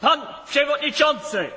Pan Przewodniczący!